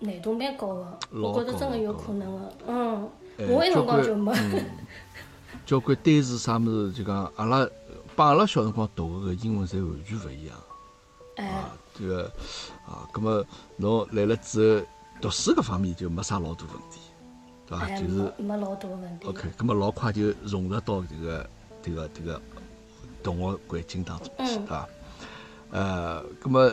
難度蠻高的，我覺得真的有可能的。嗯，我那辰光就沒交關單詞啥物事，就講阿拉幫阿拉小辰光讀的搿英文，儕完全勿一樣。哎。對個啊，咁麼儂來了之後，讀書搿方面就沒啥老大問題，對伐、哎？就是沒老大問題。OK，咁麼老快就融入到搿個搿個搿個同學環境當中去，對伐？呃、嗯，咁、啊、麼。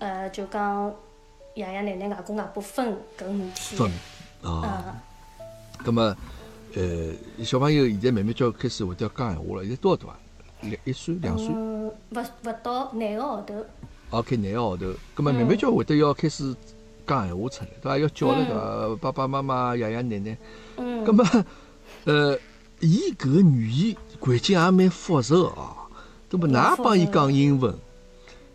呃，就講爺爺奶奶外公外婆分跟語分啊！咁、嗯、啊、嗯，呃，小朋友現在慢慢就開始會得講閑話了。現在多少大？啊？一歲，兩歲，勿嗯，到兩個號頭。O K 兩個號頭，咁啊慢慢就會得要開始講閑話出來對吧？要叫爸爸媽媽、爺爺奶奶。嗯。咁、嗯呃、啊，誒，依、嗯嗯呃、個語言環境也蠻複雜啊，咁麼哪幫伊講英文？嗯嗯嗯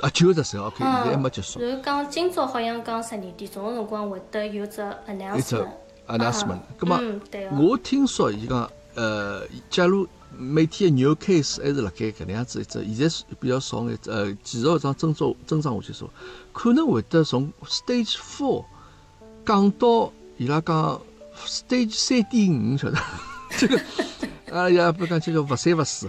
啊，九月十三號啊，可、嗯、以，但還沒結束。就講今朝，好像講十二點鐘嘅辰光會得有隻 announcement。announcement，咁啊，我聽說伊講，呃，假如每天嘅 new case，還是辣蓋搿能樣子一只，現在比較少啲，誒、呃，持續搿樁增長，增長下去說可能會得從 stage four 講到，伊拉講 stage 三點五，曉得？這個啊呀，不如講叫叫勿三勿四。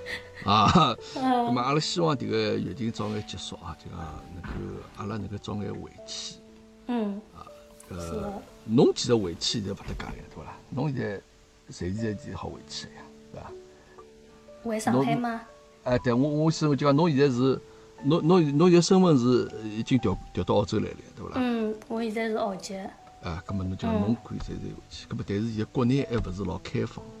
啊、 嗯，咁嘛，阿拉希望這個疫情早啲結束啊，就講能夠阿拉能夠早啲回去。嗯。嗯嗯啊，呃，儂其實回去就勿搭界個呀，對勿啦？儂現在隨時隨地好回去個呀，對伐？回上海嗎？哎，對，我我我講儂現在是，儂儂儂現在身份是已經調調到澳洲來了，對勿啦？嗯，我現、嗯、在是澳籍。啊，咁 嘛，儂就儂可以隨時隨地回去，咁嘛，但是現在國內還勿是老開放。嗯。